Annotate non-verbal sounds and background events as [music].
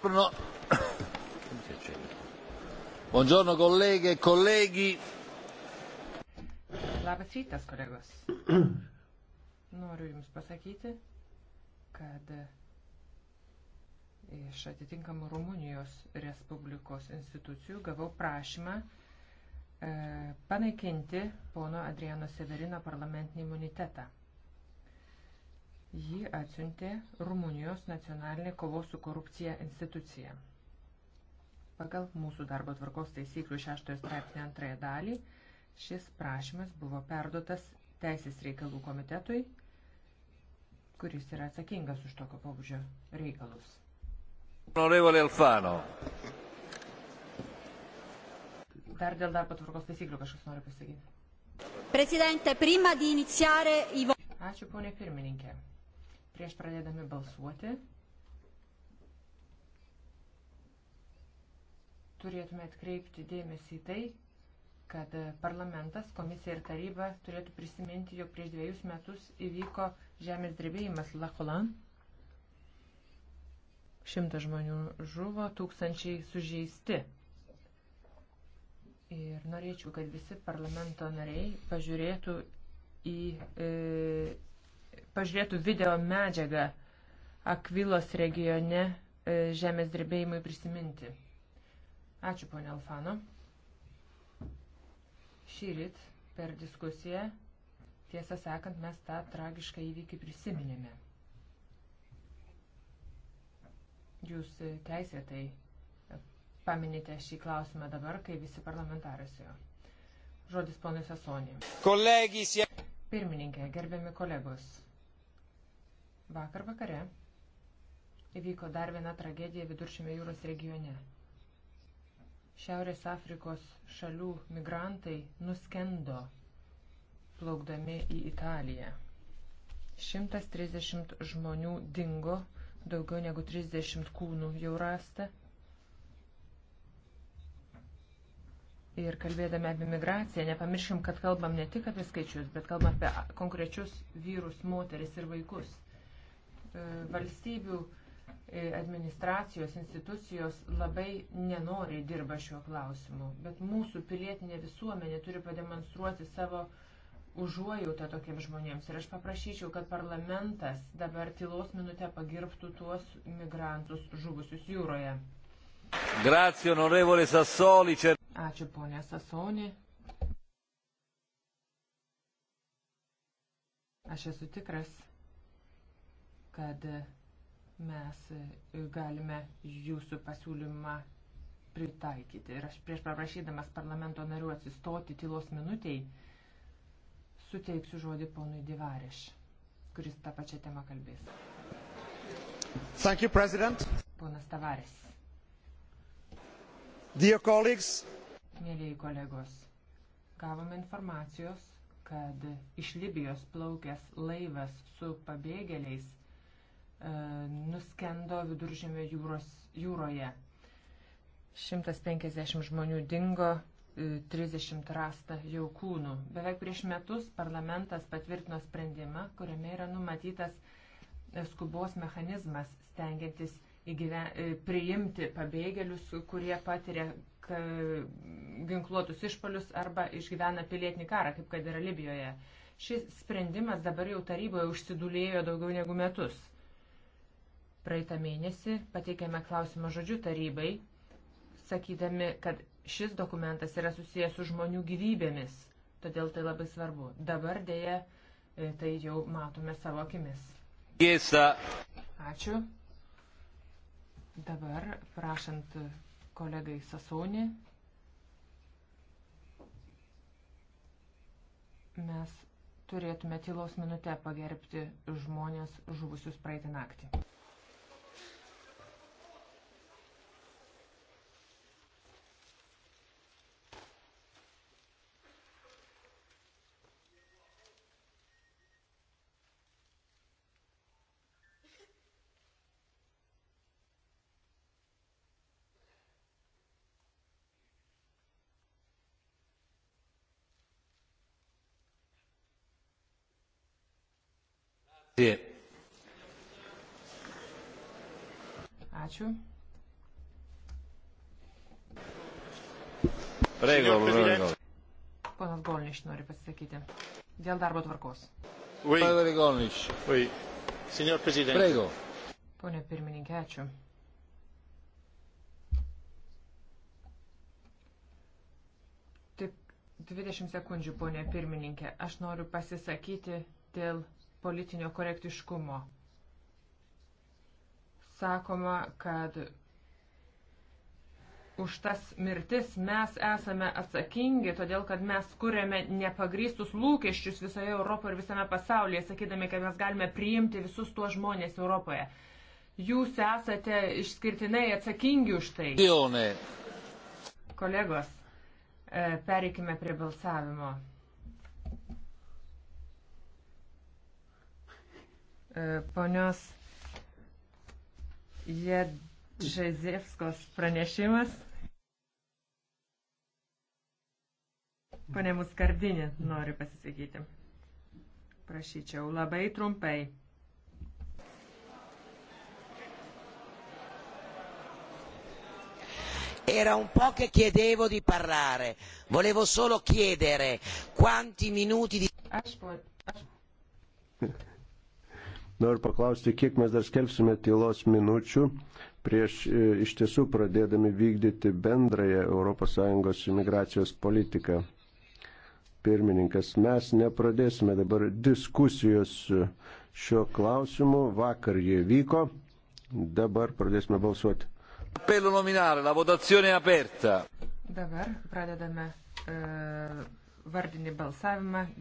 Buongiorno. Buongiorno colleghe e colleghi. Labas rytas, kolegos. Noriu Jums pasakyti, kad iš atitinkamų Rumunijos Respublikos institucijų gavau prašymą e, panaikinti pono Adriano Severino parlamentinį imunitetą jį atsiuntė Rumunijos nacionalinė kovos su korupcija institucija. Pagal mūsų darbo tvarkos taisyklių 6 straipsnio antrąją dalį šis prašymas buvo perduotas Teisės reikalų komitetui, kuris yra atsakingas už tokio pobūdžio reikalus. Dar dėl darbo tvarkos taisyklių kažkas nori pasakyti. Presidente, prima di iniziare i... Ačiū, ponė pirmininkė prieš pradėdami balsuoti turėtume atkreipti dėmesį į tai, kad parlamentas, komisija ir taryba turėtų prisiminti, jog prieš dviejus metus įvyko žemės drebėjimas Lakolan. Šimtas žmonių žuvo, tūkstančiai sužeisti. Ir norėčiau, kad visi parlamento nariai pažiūrėtų į e, pažiūrėtų video medžiagą Akvilos regione e, žemės drebėjimui prisiminti. Ačiū, ponė Alfano. Šyrit per diskusiją, tiesą sakant, mes tą tragišką įvykį prisiminėme. Jūs e, teisėtai e, paminite šį klausimą dabar, kai visi parlamentaras jo. Žodis ponui Sasonį. Kolegys. Pirmininkė, gerbiami kolegos. Vakar vakare įvyko dar viena tragedija viduršime jūros regione. Šiaurės Afrikos šalių migrantai nuskendo plaukdami į Italiją. 130 žmonių dingo, daugiau negu 30 kūnų jau rasta. Ir kalbėdami apie migraciją, nepamirškim, kad kalbam ne tik apie skaičius, bet kalbam apie konkrečius vyrus, moteris ir vaikus. E, valstybių e, administracijos institucijos labai nenoriai dirba šiuo klausimu, bet mūsų pilietinė visuomenė turi pademonstruoti savo užuojautą tokiems žmonėms. Ir aš paprašyčiau, kad parlamentas dabar tylos minutę pagirbtų tuos migrantus žuvusius jūroje. Grazie, onorevole Sassoli. Ačiū, ponė Sasoni. Aš esu tikras, kad mes galime jūsų pasiūlymą pritaikyti. Ir aš prieš paprašydamas parlamento narių atsistoti tylos minutiai, suteiksiu žodį ponui Divariš, kuris tą pačią temą kalbės. Thank you, President. Ponas Tavares. Dear colleagues. Mėlyjei kolegos, gavome informacijos, kad iš Libijos plaukęs laivas su pabėgėliais E, nuskendo viduržėmio jūros, jūroje. 150 žmonių dingo, 30 e, rasta jau kūnų. Beveik prieš metus parlamentas patvirtino sprendimą, kuriame yra numatytas e, skubos mechanizmas, stengiantis įgyven... priimti pabėgėlius, kurie patiria ginkluotus išpolius arba išgyvena pilietinį karą, kaip kad yra Libijoje. Šis sprendimas dabar jau taryboje užsidulėjo daugiau negu metus. Praeitą mėnesį pateikėme klausimą žodžių tarybai, sakydami, kad šis dokumentas yra susijęs su žmonių gyvybėmis, todėl tai labai svarbu. Dabar dėja e, tai jau matome savo akimis. Tiesa. Ačiū. Dabar prašant kolegai Sasonį, mes turėtume tylos minutę pagerbti žmonės žuvusius praeitį naktį. Ačiū. Prego, prego. Ponas Golniš nori pasisakyti. Dėl darbo tvarkos. Oui. Padre Golniš. Oui. Signor Presidente. Prego. Pone pirmininkė, ačiū. Tik 20 sekundžių, ponė pirmininkė. Aš noriu pasisakyti dėl politinio korektiškumo. Sakoma, kad už tas mirtis mes esame atsakingi, todėl kad mes kuriame nepagrystus lūkesčius visoje Europoje ir visame pasaulyje, sakydami, kad mes galime priimti visus tuos žmonės Europoje. Jūs esate išskirtinai atsakingi už tai. Kolegos, e, pereikime prie balsavimo. E, ponios Jedžezevskos pranešimas. Pane Muskardinė nori pasisakyti. Prašyčiau labai trumpai. era un po' che chiedevo di parlare. Volevo solo chiedere quanti minuti di. Aš, po... aš... [laughs] Noriu paklausti, kiek mes dar skelbsime tylos minučių prieš e, iš tiesų pradėdami vykdyti bendrąją ES imigracijos politiką. Pirmininkas, mes nepradėsime dabar diskusijos šiuo klausimu, vakar jie vyko, dabar pradėsime balsuoti. Appello nominale, la votazione è aperta. Dabar pradedame e, vardinį balsavimą